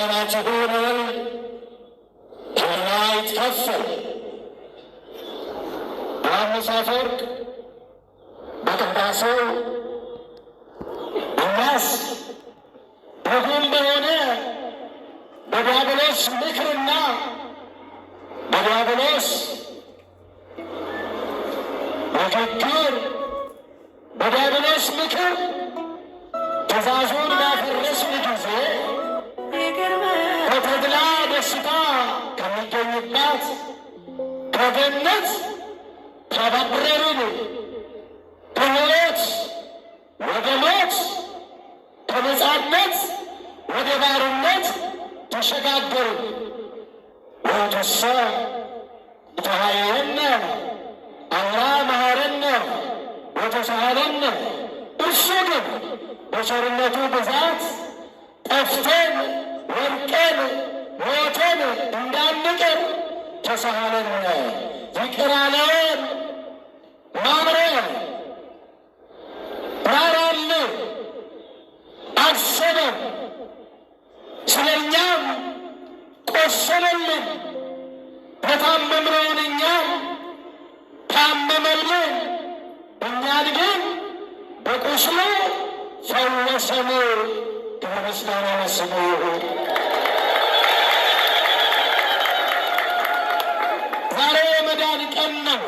راجعون هنا يتكفل مسافر بتقداسه الناس بهم بሆነ በዲያብሎስ ምክርና በዲያብሎስ ምክክር በዲያብሎስ ምክር ትእዛዙን ማፈረስ ነው። ተድላ ደስታ ከሚገኝባት በገነት ተበብረን በሕይወት ወደ ሞት ከነጻነት ወደ ባርነት ተሸጋገሩ። ወንደሰ ተሃየነ አላ መሐረነ ወተሳሃለነ እሱ ግን በቸርነቱ ብዛት ጠፍተን ወድቀን ሞተን እንዳንቀር ተሳሃለንና ይቅር አለን፣ ማረን፣ ራራልን፣ አሰበን፣ ስለ እኛም ቆሰለልን። የታመምነውን እኛም ታመመልን፣ እኛን ግን በቁስሉ ፈወሰን። ክብር ምስጋና ይሁን። ዛሬ የመዳን ቀን ነው።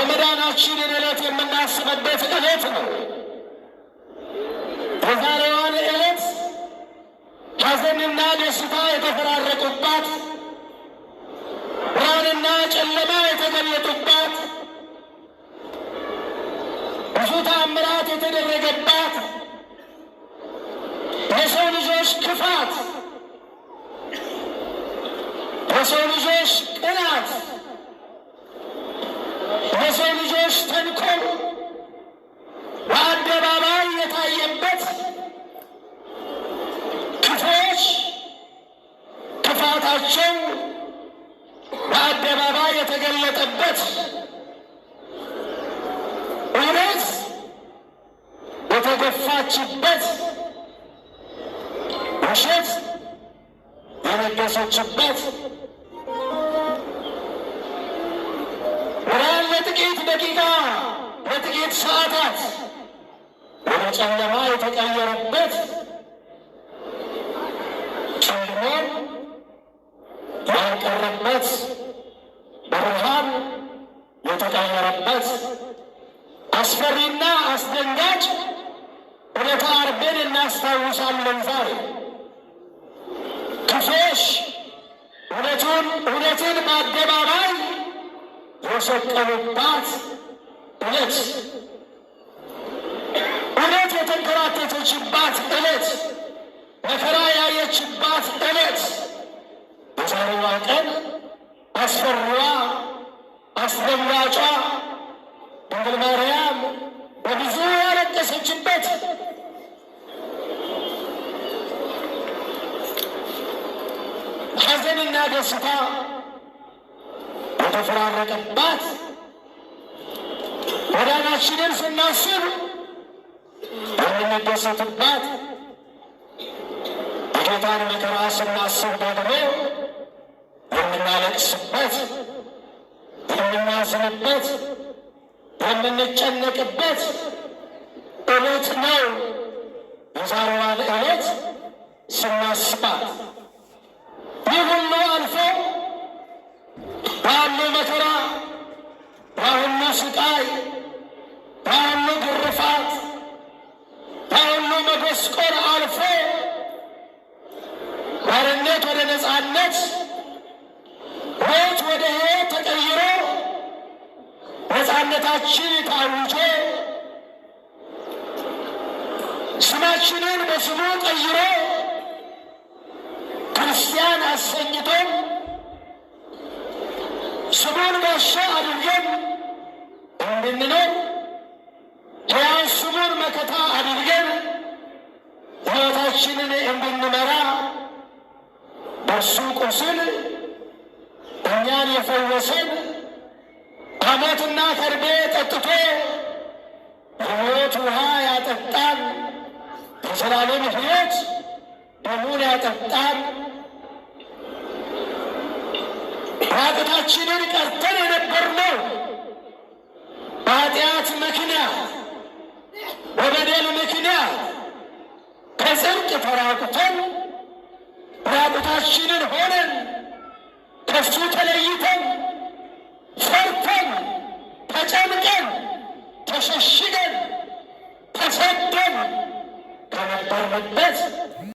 የመዳናችንን ዕለት የምናስብበት ዕለት ነው። የዛሬዋን ዕለት ሐዘንና ደስታ የተፈራረቁባት፣ ብርሃንና ጨለማ የተገለጡባት፣ ብዙ ታምራት የተደረገባት የሰው ልጆች ክፋት በሰው ልጆች ቅናት፣ በሰው ልጆች ተንኮል በአደባባይ የታየበት ክፎች ክፋታቸው በአደባባይ የተገለጠበት እውነት የተገፋችበት ውሸት የነገሰችበት ደቂቃ በጥቂት ሰዓታት ወደ ጨለማ የተቀየረበት ጨለማን ያልቀረበት ብርሃን የተቀየረበት አስፈሪና አስደንጋጭ ዕለተ ዓርብን እናስታውሳለን ዛሬ። ክፎች እውነቱን እውነትን በአደባባይ የተሸቀሉባት እለት እውነት የተንከራተተችባት እለት መከራ ያየችባት እለት በዛሬዋ ቀን አስፈሪዋ አስደንጋጯ ድንግል ማርያም በብዙ ያለቀሰችበት ሐዘንና ደስታ የተፈራረቀባት ወዳናችንን ስናስብ የምንደሰትባት የጌታን መከራ ስናስብ ደግሞ የምናለቅስበት፣ የምናዝንበት፣ የምንጨነቅበት እለት ነው። የዛሬዋን እለት ስናስባት ስቃይ፣ በሁሉ ግርፋት፣ በሁሉ መጎስቆር አልፎ ባርነት ወደ ነፃነት ሞት ወደ ሕይወት ተቀይሮ ነፃነታችን ታውጆ ስማችንን በስሙ ቀይሮ ክርስቲያን አሰኝቶን ስሙን ጋሻ አድርገን እንድንኖር ሕያው ስሙን መከታ አድርገን ሕይወታችንን እንድንመራ በእሱ ቁስል እኛን የፈወሰን ከሞትና ከርቤ ጠጥቶ ሕይወት ውሃ ያጠጣን ከዘላለም ሕይወት ደሙን ያጠጣን ኃጢአታችንን ቀርተን የነበርነው በኃጢአት ምክንያት በበደል ምክንያት ከጽድቅ ተራቁተን ራቁታችንን ሆነን ከሱ ተለይተን ፈርተን ተጨምቀን ተሸሽገን ተሰደን ከነበርንበት